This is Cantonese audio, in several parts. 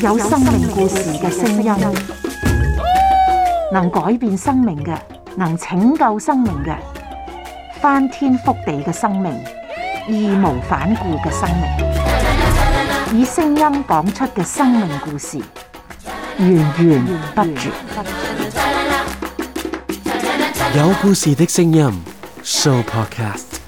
有生命故事嘅聲音，能改變生命嘅，能拯救生命嘅，翻天覆地嘅生命，義無反顧嘅生命，以聲音講出嘅生命故事，源源不絕。有故事嘅聲音，Show Podcast。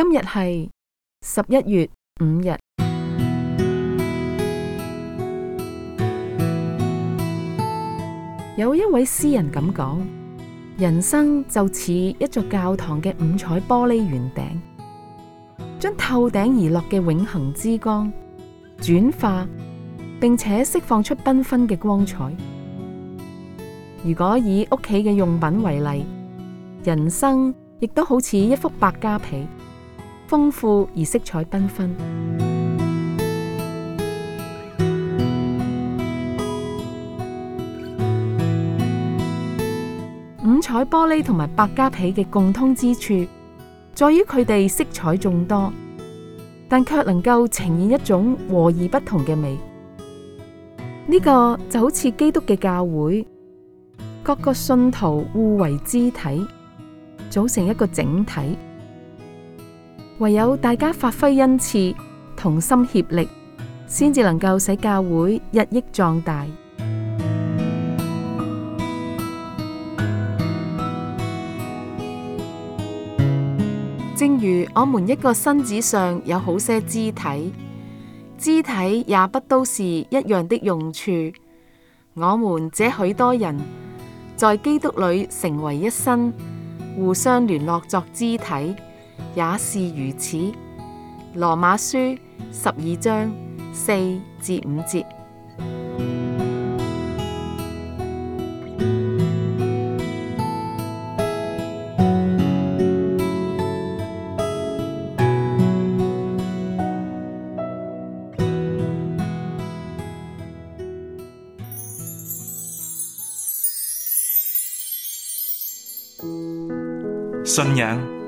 今日係十一月五日。有一位詩人咁講：人生就似一座教堂嘅五彩玻璃圓頂，將透頂而落嘅永恒之光轉化，並且釋放出繽紛嘅光彩。如果以屋企嘅用品為例，人生亦都好似一幅百家被。豐富而色彩繽紛，紛，五彩玻璃同埋百家皮嘅共通之處，在於佢哋色彩眾多，但卻能夠呈現一種和而不同嘅美。呢、這個就好似基督嘅教會，各個信徒互為肢體，組成一個整體。唯有大家發揮恩賜，同心協力，先至能夠使教會日益壯大。正如我們一個身子上有好些肢體，肢體也不都是一樣的用處。我們這許多人，在基督裏成為一身，互相聯絡作肢體。也是如此，《羅馬書》十二章四至五節。信仰。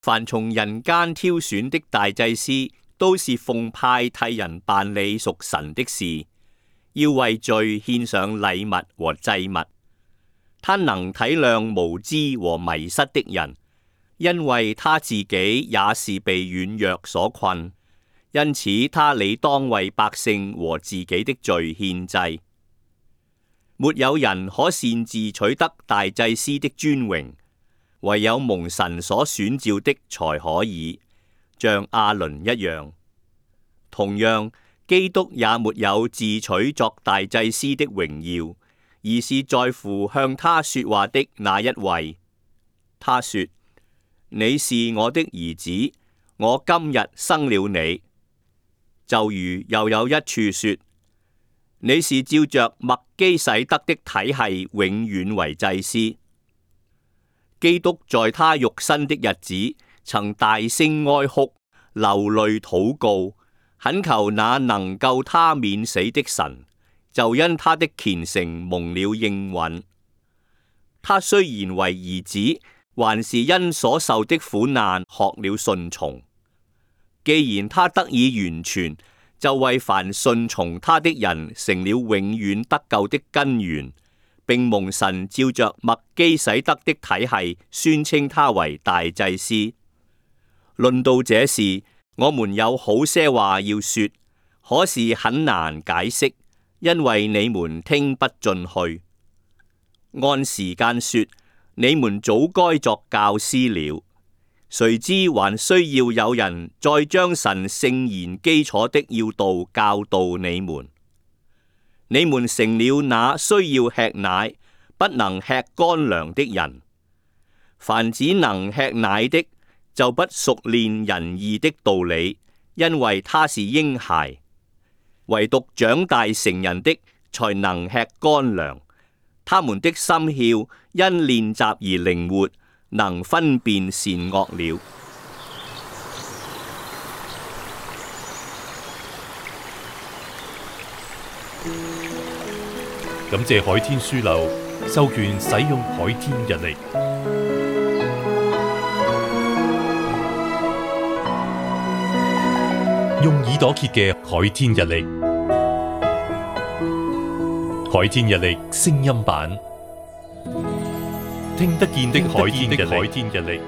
凡從人間挑選的大祭司，都是奉派替人辦理屬神的事，要為罪獻上禮物和祭物。他能體諒無知和迷失的人，因為他自己也是被軟弱所困，因此他理當為百姓和自己的罪獻祭。沒有人可擅自取得大祭司的尊榮。唯有蒙神所選召的才可以像亞倫一樣。同樣，基督也沒有自取作大祭司的榮耀，而是在乎向他說話的那一位。他說：你是我的兒子，我今日生了你。就如又有一處說：你是照着麥基洗德的體系永遠為祭司。基督在他肉身的日子，曾大聲哀哭、流淚禱告，懇求那能夠他免死的神，就因他的虔誠蒙了應允。他雖然為兒子，還是因所受的苦難學了順從。既然他得以完全，就為凡順從他的人成了永遠得救的根源。並蒙神照着麥基洗德的體系，宣稱他為大祭司。論到這事，我們有好些話要說，可是很難解釋，因為你們聽不進去。按時間說，你們早該作教師了，誰知還需要有人再將神聖言基礎的要道教導你們。你們成了那需要吃奶、不能吃乾糧的人；凡只能吃奶的，就不熟練仁義的道理，因為他是嬰孩；唯獨長大成人的，才能吃乾糧。他們的心竅因練習而靈活，能分辨善惡了。感謝海天書樓授權使用海天日曆，用耳朵揭嘅海天日曆，海天日曆聲音版，聽得見的海天日曆。